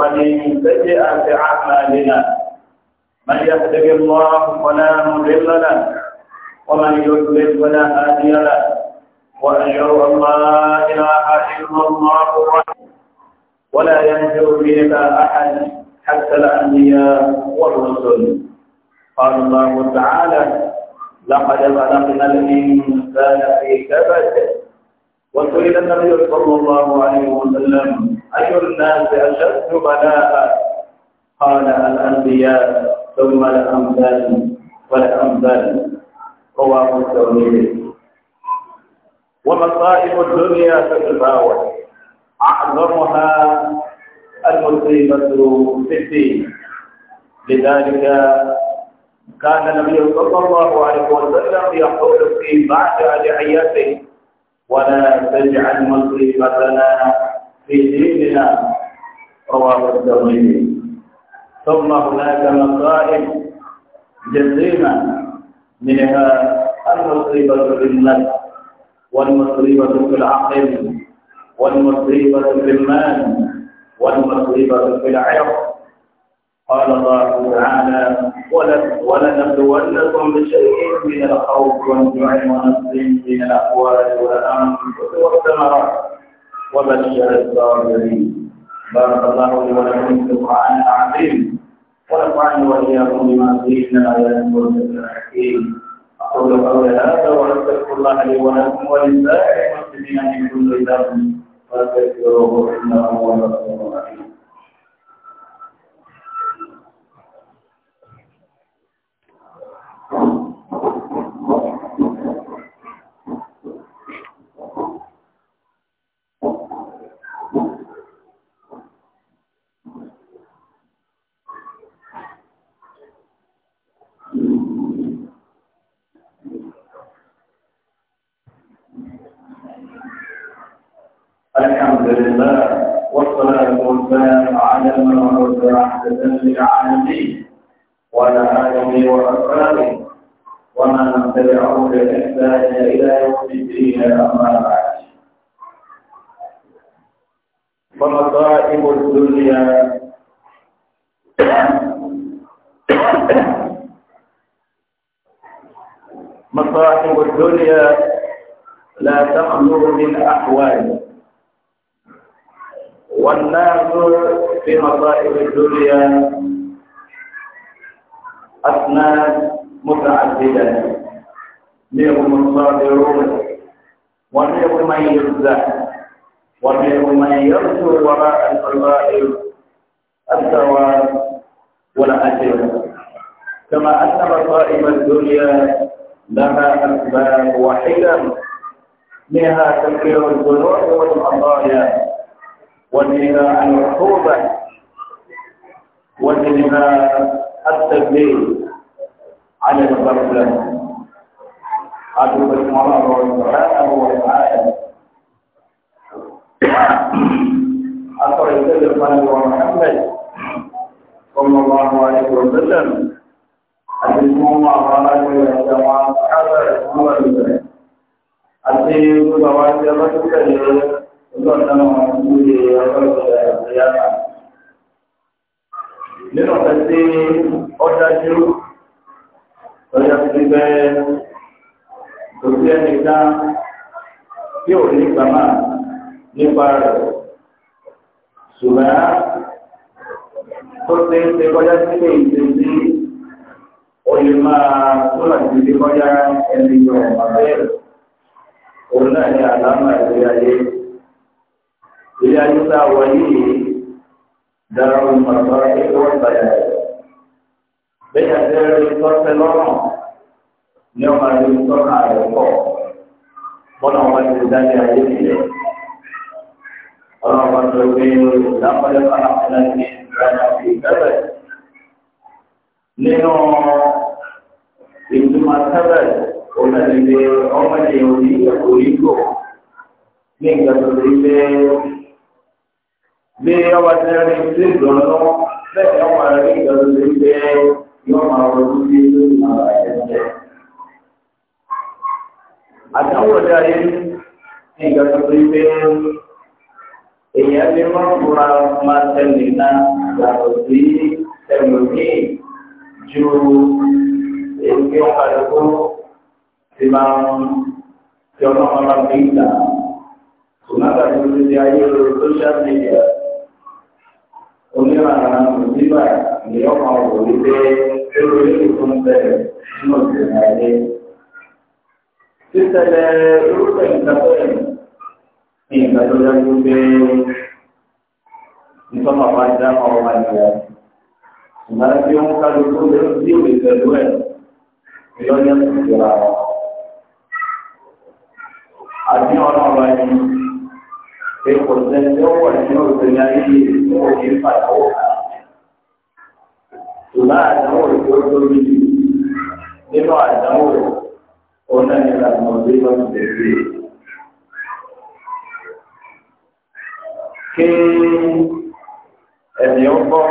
ومن سيئات أعمالنا من يهده الله فلا مضل له ومن يضلل فلا هادي له وأشهد أن لا إله إلا الله وحده ولا ينزل به أحد حتى الأنبياء والرسل قال الله تعالى لقد خلقنا الإنسان في كبد وسئل النبي صلى الله عليه وسلم أي الناس أشد بلاء قال الأنبياء ثم الأمثال والأمثال رواه الترمذي ومصائب الدنيا تتفاوت أعظمها المصيبة في الدين لذلك كان النبي صلى الله عليه وسلم يقول في بعد أدعيته ولا تجعل مصيبتنا جيبنا رواه الترمذي ثم هناك مصائب جسيمة منها المصيبة في النفس والمصيبة في العقل والمصيبة في المال والمصيبة في العرق قال الله تعالى ولنبلونكم بشيء من الخوف والجوع ونصر من الاقوال والأنفس والثمرات وبشر الصابرين بارك الله لي ولكم في القرآن العظيم ونفعني وإياكم بما فيه من الآيات والذكر الحكيم أقول قولي هذا وأستغفر الله لي ولكم ولسائر المسلمين من كل ذنب فاستغفروه إنه هو الغفور الرحيم لله والصلاة والسلام على من أرد رحمة للعالمين وعلى آله وأصحابه ومن تبعه بإحسان إلى يوم الدين أما بعد فمصائب الدنيا مصائب الدنيا لا تخلو من أحوالها والناظر في مصائب الدنيا أسناد متعددة منهم الصابرون ومنهم من يفزع ومنهم من يرجو وراء الفضائل الثواب والأجر كما أن مصائب الدنيا لها أسباب وحكم منها تكفير الذنوب والخطايا ومنها العقوبة ومنها التبليل على الغفلة عدو المرأة سبحانه وتعالى أخرج سيدنا وسلم صلى الله عليه وسلم أن الله رجل جمع أصحاب رسول الله أتي بواجب رسول الله ọlọ́ọ̀dánwó ìwé ọlọ́ọ̀dọ̀ ìyára. Nínú ọ̀pẹ tí ó dájú, ọ̀yà ti bẹ́ kò sí ẹni ká tí ò ní gbàmà nípa rẹ̀. Ṣùgbọ́n tó ti ń ṣe kọjá sílé ìṣesí oyè máa tó láti ṣe kọjá ẹni yọ̀ ọ̀mà bẹ́ẹ̀. Òun náà ni àlámà ìgbé ayé tá a wà yìí dára ohun pàtàkì ẹgbẹ́ wọn báyà bẹ́ẹ̀ àti ẹ̀rí tọ́sẹ̀ lọ́rùn ní ọmọ àti tọ́ka rẹ̀ pọ̀ bọ́nà ọmọ ti dájú ayé nìyẹn ọlọ́run bá tó gbé lápẹ́lẹ́ fàlàfàlà ní ìgbàlá fi tẹ́lẹ̀ nínú ìtumọ̀ tẹ́lẹ̀ òmìnira ọmọdé òní ìyàwó yìí kò ní ìgbàlódé bẹ́ẹ̀ bí ọba tí wọn ti ṣe ìgbọ̀nà lọ́wọ́ bẹ́ẹ̀ ni wọn rí ìgbọ̀nà tó ń bẹ yóò máa wọ ojú bí ó ti máa bàa jẹ jẹ. àtàwọn ọ̀dà yìí ní ìgbàgbọ́ tó ń bẹ èèyàn bí wọ́n fura máa tẹ̀lé náà yàtọ̀ sí ẹlòmíì ju èyí tí wọ́n padà kó ti máa ń tí ọlọ́run máa fi ń gbà. Sùnmọ́tà tó ti di ayé lórí social onye òbíbà ìyọ́ kan wò ní pé ibe yìí tó ń bẹ̀rẹ̀ nínú ìrìn àyè. Títẹ̀lẹ̀ irúfẹ́ ìtàkùn ní ìgbàlódé ya pé ndị bá dá ọ̀rọ̀ wá nìyà. Ìgbàlá tí ó ń kájú tó lé sí ìwé pẹ̀lú ẹ̀ ìlọ́yẹ̀ ìjọra wọn. Àbí ní òní padà wọ̀. Ìgbà àdánwò tó tóbi jù nínú àdánwò ọ̀nà ìlànà ọ̀dọ́ ìlànà ìbẹ̀rẹ̀. Kí ẹ̀mí ọgbọ́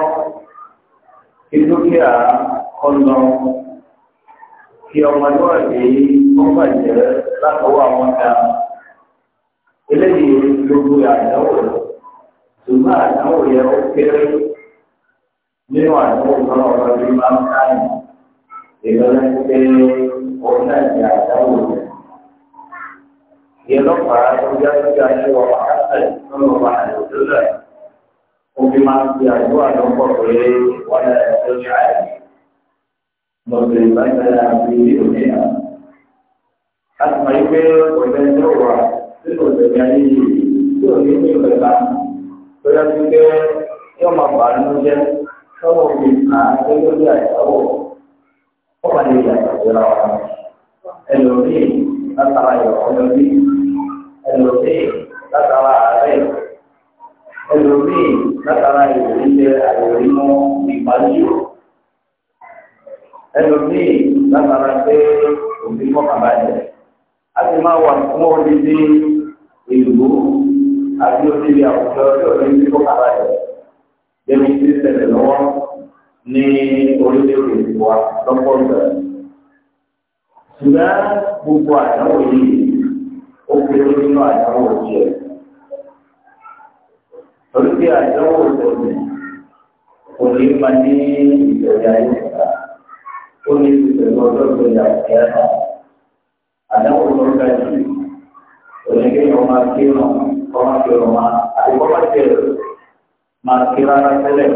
kí dúkìá kọ́nà kí ọmọlúwàbí ó bàjẹ́ látọwọ́ àwọn ọ̀dà. Eléyìí gbogbo àdánwò ṣùgbọ́n àdáwò yẹ ó kéré nínú àdáwò náà ọ̀rọ̀ bí máa ń ká yìí ìlọ́lá ń pé òun náà di àdáwò yẹ. ìyẹlọ́pàá tó yá sí aṣọ àkàtà nínú ọba àdòdòlẹ̀ ó fi máa ń fi àdúrà lọ́pọ̀ pé wọ́n lè tó ṣe àyè. mo sì bá ìgbàlá àbí òní à. a sì cái ń gbé òṣèlú wà nínú òṣèlú ayé yìí tí ò ní ní ìgbàlá. tọ́jà ti pé yóò máa bà nínú jẹ́ sọ́wọ́ mi máa gbé lórí àìsàwọ̀ ó máa lè yà ìjọra wa látara ìrọ̀lẹ́ bí ẹlòmíì látara àárẹ̀ ẹlòmíì látara ìròyìnjẹ àìròyìnmọ́ ìpàdé ẹlòmíì látara pé òbí mọ́kànlá yẹn a máa wà fún òbí bí ìlú àti òṣèlú àwùjọ tí ò ní ní kó kàrà ẹ̀ débi tí ṣẹlẹ̀ lọ́wọ́ ní orílẹ̀-èdè wa lọ́pọ̀ ìgbà. ṣùgbọ́n gbogbo àdáwò yìí ó fi nínú àdáwò jẹ. torí pé àdáwò ìtọ́jú kò ní máa ní ìjọba ìjọba ó ní ìjọba ọjọ́ ìjọba ìjọba àdáwò lọ́gbàdì òní kéèyàn máa kírun ọmọ ti ọ̀rọ̀ ma àti kọ́ bá jẹ máa kí rárá tẹ́lẹ̀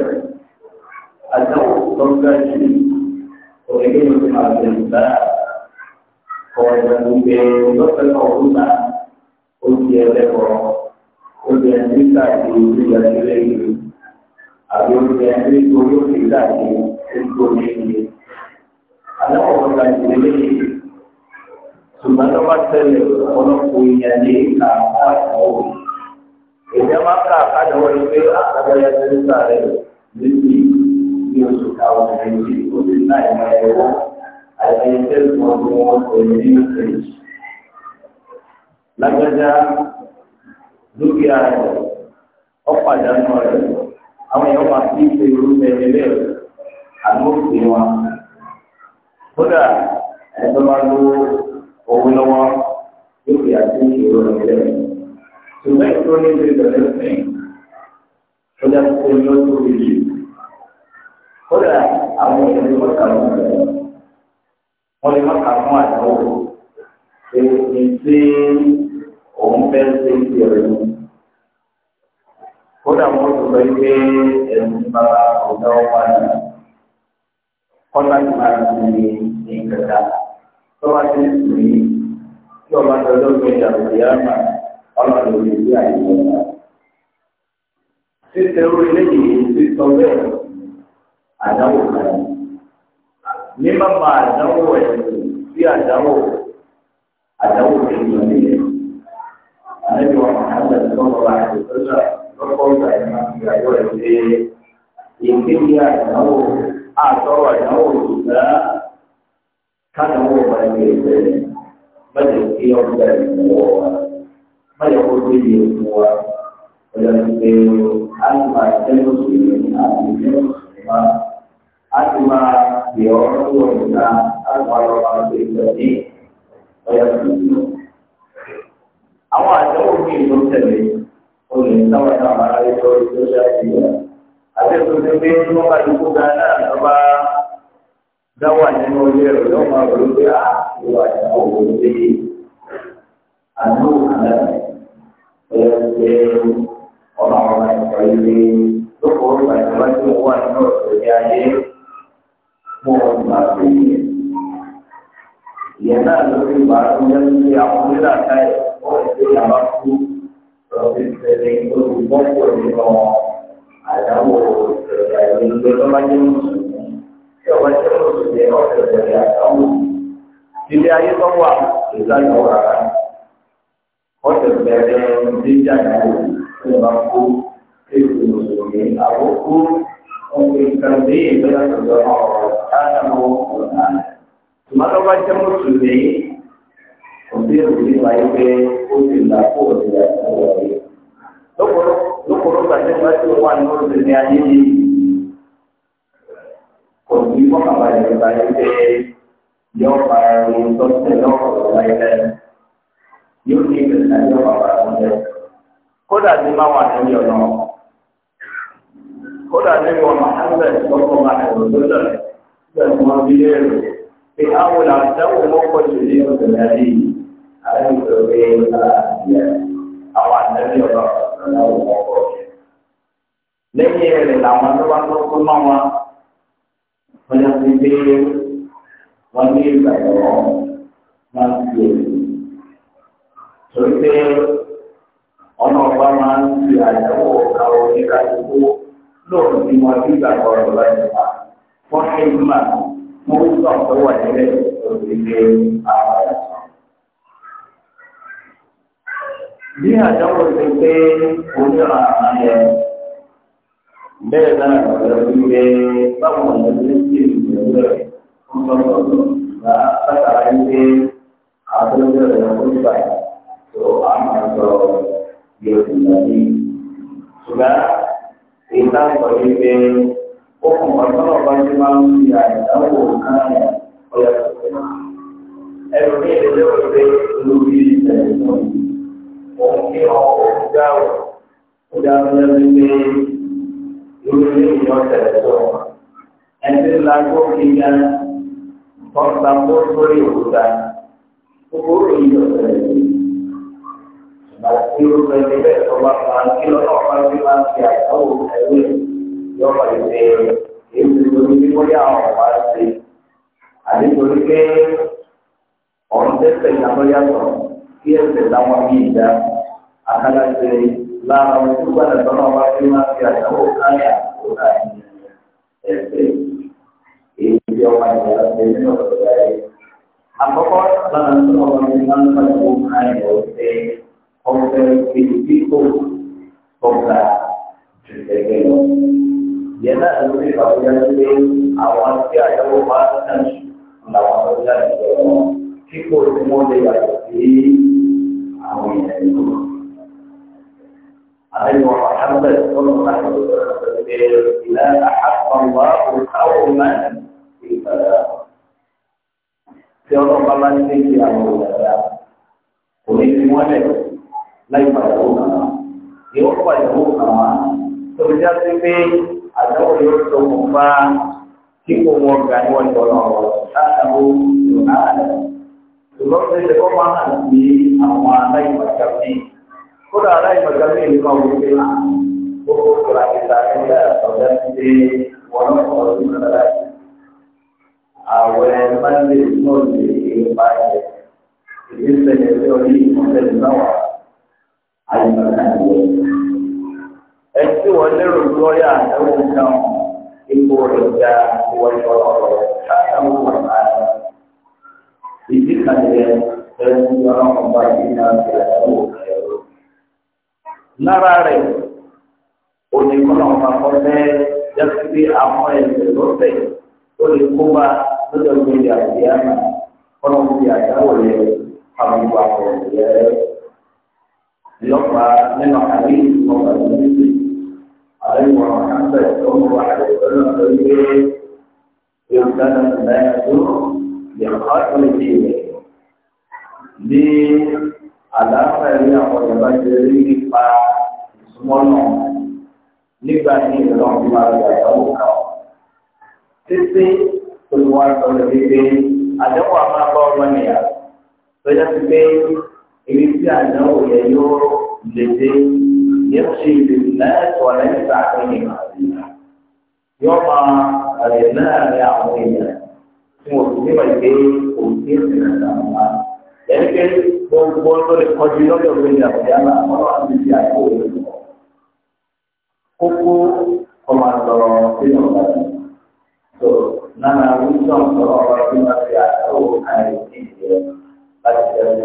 àdáwò tó ń gbájú òkèké ló ti máa bẹ̀rù bá ọ̀rọ̀ ìgbàlú pé lọ́sẹ̀ náà ó nà ó di ẹlẹ́kọ̀ọ́ ó di ẹni káàkiri ìgbà ìgbà ìgbà àbí ó di ẹni orí òkè káàkiri ìgbà ìgbà àdáwò tó ń gbájú lélẹ́yìn ṣùgbọ́n tó bá tẹ̀lé ọlọ́pọ̀ ìyàlẹ́ ìka àwọn àwọn òbí èèyàn máa kà kádàwọ́ yìí pé àtàbẹ̀yẹ ah, ti ń sàrẹ̀ níbi ní oṣù káwọn ẹ̀yìn oṣù náà ìmọ̀ ẹ̀wọ́ àìsàn ìṣẹ́gun ọdún wọn kò ní ní ìṣẹ̀lẹ̀. lágbájá dúkìá rẹ̀ ọ̀pàdánù rẹ̀ àwọn èèyàn máa fi ṣe irúfẹ́ ẹlẹ́ àmọ́ òfin wọn. kódà ẹ̀sọ́ máa lo owó lọ́wọ́ yóò fi àti ìṣòro rẹ̀ to make religion the real thing, so that they know to believe. Kódà àwọn ìṣẹ̀lẹ̀ mọ́ta ló ń bẹ̀rẹ̀. Wọ́n lè mọ́ta fún àdáwò. Èyí tí òun fẹ́ ṣe ń ṣe rẹ̀ mú. Kódà wọ́n tó sọ pé ẹ̀sìn bàbá ọ̀dọ́ wà ní. Kọ́tà ti máa ń ṣe ní ìkẹta. Tọ́wá ti ń sùn yìí. Tí ọba tọ́jọ́ gbé ìyàwó ìyá máa ọlọ́run lórí ilé àyẹ̀wò náà. Títẹ̀ orí lẹ́yìn títọ́ bẹ́ẹ̀ àdáwò kan. Ní bàbá àdáwò ẹ̀sìn sí àdáwò àdáwò ìjọ nílẹ̀. Àlejò àwọn àgbà tí wọ́n bá àti sọ́jà lọ́kọ́ ìgbà ìmọ̀ ìgbàgbọ́ ẹ̀ pé ìkéde àdáwò àtọ́rọ̀ àdáwò ìgbà káàdáwò ọ̀gbà ìgbà ìgbà bẹ́ẹ̀ kí ọ̀gbà ìgbà wọ̀ wá wọ́n yẹ kó tó yẹ fún wa ọ̀dọ̀ ìpè àtìmá ìjẹ́nu sùnmí àti ìjẹ́nu sùnmá àtìmá ìyẹ ọ̀rọ̀ wọ̀ nígbà àtìmá ọ̀rọ̀ àti ìjọ ní ọ̀yà sùnmí. Àwọn àdéhùn mi ló tẹ̀lé olè táwọn náà máa ń lọ sí ọjà ìyá. Àbẹ̀kọ̀ tó gbé ní wọ́n bá dúkú gan náà lọ bá dáwà nínú ilé rẹ̀ lọ́mọ àgbẹ̀lódé àti ìwà ìyàwó òun lé àdúgbò kan náà ẹlẹ́sìn ọmọ ọmọ ẹ̀kọ́ ilé tó kọ́ ọ̀rọ̀ ìjọba tí mo wà nínú òṣèré ayé mo mà sí i. ìyẹn náà ló fi wà á tún lẹ́nu sí àwọn onílà táyà ó ń ṣe àbá kú lọ́sí ṣẹlẹ̀ olùgbọ́pọ̀ nínú àdáwò òṣèré ayé ìgbé lọ́ba jẹ́ mùsùlùmí tí ọba jẹ́ mùsùlùmí ọ̀sẹ̀ ṣẹlẹ̀ àdáwò. ilé tó wà ìlànà ọ̀rọ̀ wọ́n ti bẹ̀rẹ̀ níjà ìyàwó tó bá kú kéèkù mùsùlùmí àkókò ọ̀gbìn kan bí ìgbéra tòjọ́ ọ̀rọ̀ ádàmọ́ ọ̀nà. tòmátọ́ bá jẹ́ mùsùlùmí òbí òbí wáyé pé ó ti là kó òbí àtàwọn ọ̀rẹ́. lókòrò gbàdé wá sí wà ní oṣù ní ayé yìí kò ní wọ́n kàwá ìgbà yìí pé yọ̀ọ́ yóò ní ìgbésẹ̀ ní ọ̀pá àgbà tó ń jẹ́. Kódà ní máa wà ní ìyọ̀ náà. Kódà ní wọn máa ń bẹ̀rẹ̀ lọ́kọ̀ máa ẹ̀rọ lọ́dọ̀ rẹ̀. Bẹ́ẹ̀ ni wọ́n bí léèrè. Pé àwọn làǹtẹ̀wò mọ́kọ̀ jù ní ọ̀sẹ̀ mẹ́rin yìí. Àwọn ìṣòro yẹn ń àwọn àtẹ̀lé ọ̀rọ̀ ọ̀rọ̀ ọ̀rọ̀ lẹ́yìn rẹ̀ làwọn tó bá tó kó mọ́ wọn wọ́n yà sí pé wọ́n ní ìgbà ẹ̀rọ máa ń fi èyí torí pé ọmọ ọba máa ń fi àyẹ̀wò àwọn oníkàlùkù lóòrùn tí wọ́n ti gbàgbọ́ ọ̀rọ̀ láti wá wọ́n ṣe ń mà wọ́n ń sọ wà nílẹ̀ lórí pé àwọn ẹ̀sán. bí àjọwò pé bẹ́ẹ̀ náà sí pé ti ṣe rẹ̀ fún bá pé rẹ̀ So amal dia sendiri. Sudah kita berpikir, oh kalau bagi manusia tahu bukannya oleh Tuhan. Every day dia berpikir lebih dari Mungkin orang jauh sudah berpikir lebih dari Tuhan. Entah lagu kita, orang tampil beri hutan, kubur itu irú ẹni bẹ́ẹ̀ tó bá fa kí lọ́nà ọ̀pá bí máa ń fi àyàwó ẹ̀wé yọ̀pọ̀ ìṣe èyí tó ní bí bóyá àwọn ọ̀pá ṣe àti torí pé ọ̀run tẹ́sẹ̀ ìdáná yàtọ̀ kí ẹsẹ̀ láwọn bí ìdá àkàlàṣe lára ohun tó gbàdá lọ́nà ọ̀pá bí máa fi àyàwó káyà tó dà ní ẹsẹ̀ èyí tí ọmọ ìyá ṣe ní ọ̀dọ̀ rẹ̀. àkọ́kọ́ lọ́nà tó ọmọ mi máa ń pàdé compare with people from the Chicago. Yana lórí ìpàdé pé àwọn tí àyẹ̀wò máa ń tàn làwọn ọjà ìjọba tí kò tí wọ́n lè yàtọ̀ sí àwọn ènìyàn ìlú. عليه محمد صلى الله عليه وسلم لا أحق الله قوما بالبلاء. في الله ما نسيت يا مولانا. ومن ولد láì pàyàwó kan wá yóò pàyàwó kan wá tó fi jáde pé àdáwò yóò tó kò fa kí kò mọ ọgá ní wọn jọ náà wọ látàbó yóò náà lẹ ṣùgbọ́n tó ṣe kọ́ máa hàn sí àwọn aláìmọ̀ọ́ká mi kódà aláìmọ̀ọ́ká mi ní kan ah, wọ́n fi hàn gbogbo kura kìtà ẹgbẹ́ ọ̀dọ́ ti dé wọn ọ̀rọ̀ ní ọ̀dọ́ láti. Àwẹ̀ Mánde náà lè ṣe ìpàdé ìgbésẹ̀ ẹgbẹ́ orí ìmọ̀lẹ́lẹ́ náà wà ẹtí wọn lérò lọ́yà ẹ̀wọ̀n náà ipò ìjà ìwọ̀jọ̀ àtàwọn ọ̀gá ìdí kàlẹ̀ ẹ̀sìn ọlọ́run bá yìí náà ti àtàwọn ọ̀gá ẹ̀rọ. lára rẹ̀ onígbọ́nà ọ̀pọ̀ bẹ́ẹ̀ yẹ́sí pé àwọn ẹ̀sìn lọ́sẹ̀ tó lè kó bá lọ́jọ́ gbé ìyàwó yẹn náà kọ́nà fi àtàwọn ọ̀gá àwọn ìwà ọ̀gá ẹ̀rọ. ليقع من حديث مقدمته عليه محمد صلى الله عليه وسلم يمتنع الناس بخاتم دينه لعلامة إلى قدمات ذلك فسمونه nígbà ní ìlànà tí máa gbà ìyàwó kà ó títí olùwà sọ̀rọ̀ wípé àdéhùn àmàbọ̀ ọmọ nìyà tó yẹ ti pé ibi tí àdáwò yẹ yóò lè dé yóò ṣe ìlú lẹ́ẹ̀kọ́ lẹ́yìn tá a fẹ́ yẹn máa rí i yóò máa rẹ̀ láàrin àwọn èèyàn tí wọ́n ti níwọ̀n pé kò sí ìrìnà dáadáa lẹ́yìn pé gbogbo tó lè kọjú lọ́dọ̀ òwe ní àbújá náà wọ́n wá sí àìkú òwe lọ. kókó ọmọ àtọ̀rọ̀ sínú ọ̀gá tó nánà wíṣọ̀ sọ̀rọ̀ ọ̀rọ̀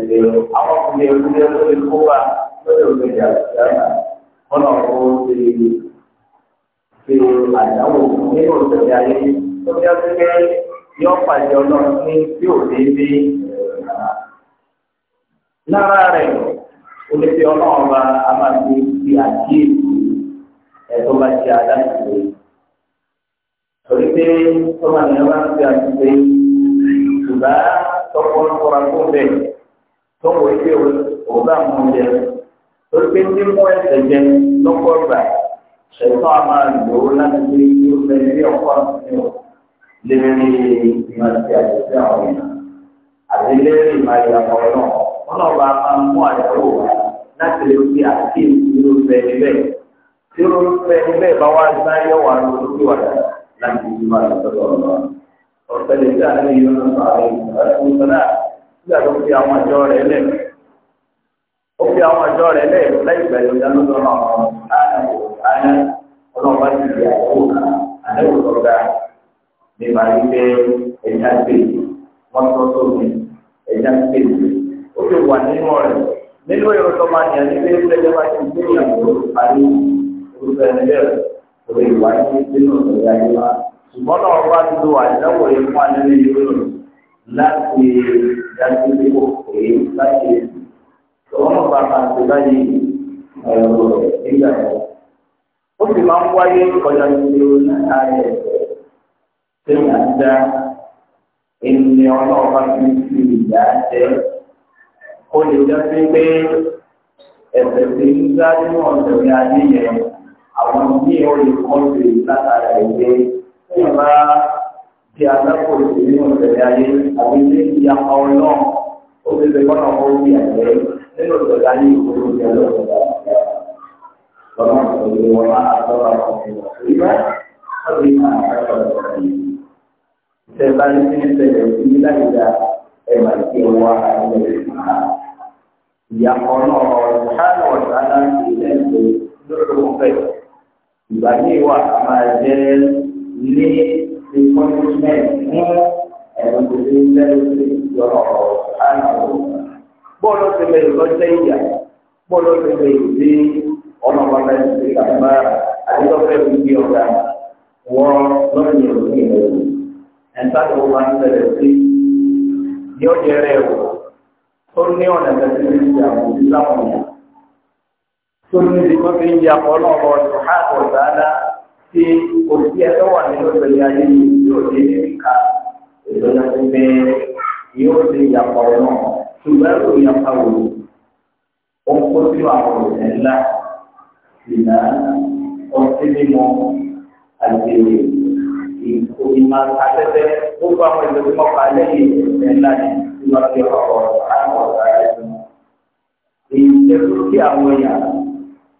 ìdílé àwọn ọkùnrin ìdílé tó lè kó wa lórí òkèèjà ìdáná kọ́nà kó ṣe ṣe àdáwò nínú ìṣẹ̀lẹ̀ ayé tó bí wọ́n pẹ́ yọ pàdé ọlọ́run ní tí ò ní bí lára rẹ̀ olùsí ọlọ́run bá a máa fi fi àkíyèsí ẹ̀tọ́ bá ṣe aláṣẹ torí pé tọ́mọ̀ ní wọ́n fi àṣìṣe ṣùgbọ́n tọkọ ń kọ́ra fún bẹ́ẹ̀ tó wọ ilé o òun bá mú jẹ torí pé tí mú ẹsẹ̀ jẹ lọ́pọ̀ gbà ṣẹ̀tọ́ a máa lò ó láti gbé kí ó fẹ́ ilé ọkọ̀ ní o lérí ìmọ̀lẹ́sí àti àwọn èèyàn àti lérí ìmọ̀lẹ́sí àwọn ọ̀nà wọn náà bá máa mú àyẹ̀wò wá láti lè fi àti ìlú fẹ́ níbẹ̀ tí ó fẹ́ níbẹ̀ bá wá sáyẹ̀ wà lórí wàdà láti ìmọ̀lẹ́sí ọ̀nà ọ̀sẹ̀ lè dá ní ìlú náà nígbà tó fi àwọn àjọ rẹ̀ lẹ̀ ó fi àwọn àjọ rẹ̀ lẹ̀ láì pẹ̀lú ìdánilọ́dọ̀ àwọn àyàwó àyà ọlọ́ọ̀bá ti di àkókò àlẹ́wò lọ́gà ní màrí pé ẹ̀yà gbé wọ́n tó tó mi ẹ̀yà gbé ó fi wà nínú rẹ̀ nínú èrò tó máa yàn ní pé ẹgbẹ́ bá ti gbé ìyàwó àyè orúkọ ẹni bẹ́ẹ̀ orí ìwà yìí nínú ìrìn àyè wa ṣùgbọ́n náà wọ́n bá ti lo àjẹwò yẹn fún àlẹ́ dájú pé kò pé láti ọ̀rọ̀ náà bá máa tidak. báyìí ẹ̀rọ rẹ̀ nígbà yẹn. ó sì máa ń wáyé kọjá sí ààyè ṣé ń dá ènìyàn náà bá fi fi nínú ọ̀sẹ̀ ní ayé yẹn àwọn bí ó lè kọ́ sí látara ìgbé tí ìbá tí a lọ́pọ̀ ìlú nínú ìṣẹ̀lẹ̀ ayé àbí ilé ìyapa ọlọ́run ó ti ṣe kọ́nà ó di àjẹ́ nínú ìṣẹ̀lẹ̀ ayé ìṣòro ti ọlọ́run lọ́nà ìṣòro wọn máa àtọ́ra ọ̀sẹ̀ ìgbà ọ̀sẹ̀ máa àtọ́ra ọ̀sẹ̀ yìí. ìṣẹ̀lẹ̀ bá ní sínú ìṣẹ̀lẹ̀ ìdílé láti dá ẹ̀wà ìṣe wa ilẹ̀ ìṣẹ̀lẹ̀ ìyapa ọlọ́run ọ̀sán ìgbà ní ìwà máa jẹ́ ní punishment ní ẹ̀rọ tó ti ń lẹ́yìn sí ìjọba àìsàn. Bọ́ọ̀lù ti lè lọ jẹ́ ìyà, bọ́ọ̀lù ti lè di ọmọ bàbá ìdílé kàmbá àdéhọ́fẹ́ ìdí ọ̀gá wọ́n lọ́nà ìròyìn ìròyìn. Ẹ̀ńtà tó máa ń tẹ̀lé sí yóò jẹ́ rẹ̀ wò tó ní ọ̀nà tẹ̀lé sí ìjà àwọn ìsìlámù yà. Tó ní ìdíkọ́ fi ń yà pọ̀ náà lọ sùn tí òsì ẹ̀tọ́ wà nínú ìpele ayé yìí yóò dé níbi ká ìlọ́jà tó gbé yóò dé ìyàpá ọ̀nà ṣùgbọ́n ẹ̀rọ ìyàpá wò ó ń kó sí àwọn òṣèlú ńlá ìlà ọtí mímọ àti ìmọ̀ afẹ́fẹ́ gbogbo àwọn ìlú tí wọ́n pa lẹ́yìn ìṣẹ̀lẹ̀ ńlá ni tí wọ́n fi ọkọ̀ àwọn ọ̀gá rẹ̀ lọ. Èyí jẹ́ kí àwọn èèyàn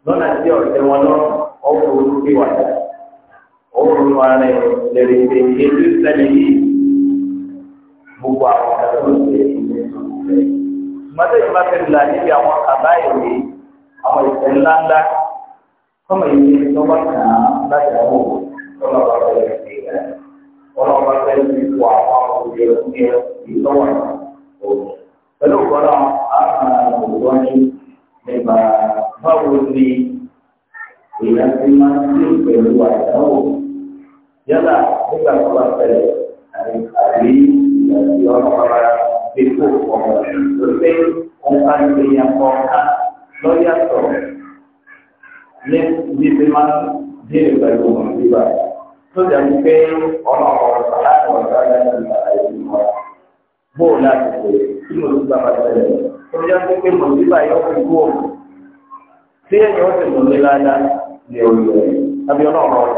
lọ́nà tí ọ̀sẹ̀ wọn lọ́rùn ọkọ̀ olùgbé ronú ara ẹ̀ lẹ́rì pé ètò ìṣẹ̀lẹ̀ yìí gbogbo àwọn ọ̀dọ́ tó ṣe ìṣẹ̀lẹ̀ tó ṣe. Mọ́tò ìjọba fẹ́ gbìlà níbi àwọn àbá ìwé àwọn ìṣẹ̀ ńláńlá tọ́mọ ìwé tọ́wọ́ kàn án láti àwọn tọ́lọ́ bá fẹ́ ṣe rẹ̀. Ọlọ́run bá fẹ́ ṣe ipò àwọn òye òye ìtọ́wọ̀ pẹ̀lú ìkọ́lá àwọn àgbòdò ní nípa báwo ti máa ń ṣe pẹ̀lú àdáwò yálà nígbà tó bá tẹ̀lé àbí ìgbàgbé ọlọ́pàá fi kó ọmọ tó pé wọn bá ń gbé ya kọ ká lọ́yàtọ̀ ní bíbí máa ń dín ìgbàgbé wọn bíbá tó dàbí pé ọlọ́pàá ọ̀sán ọ̀sán láti ṣàlàyé wọn bóòlù àti pé tí mo ti gbà bá tẹ̀lé tó yàtọ̀ pé mo ti bá yọ fún kú òun tí ẹ̀yìn ọ̀sẹ̀ tó ní ládàá ní orí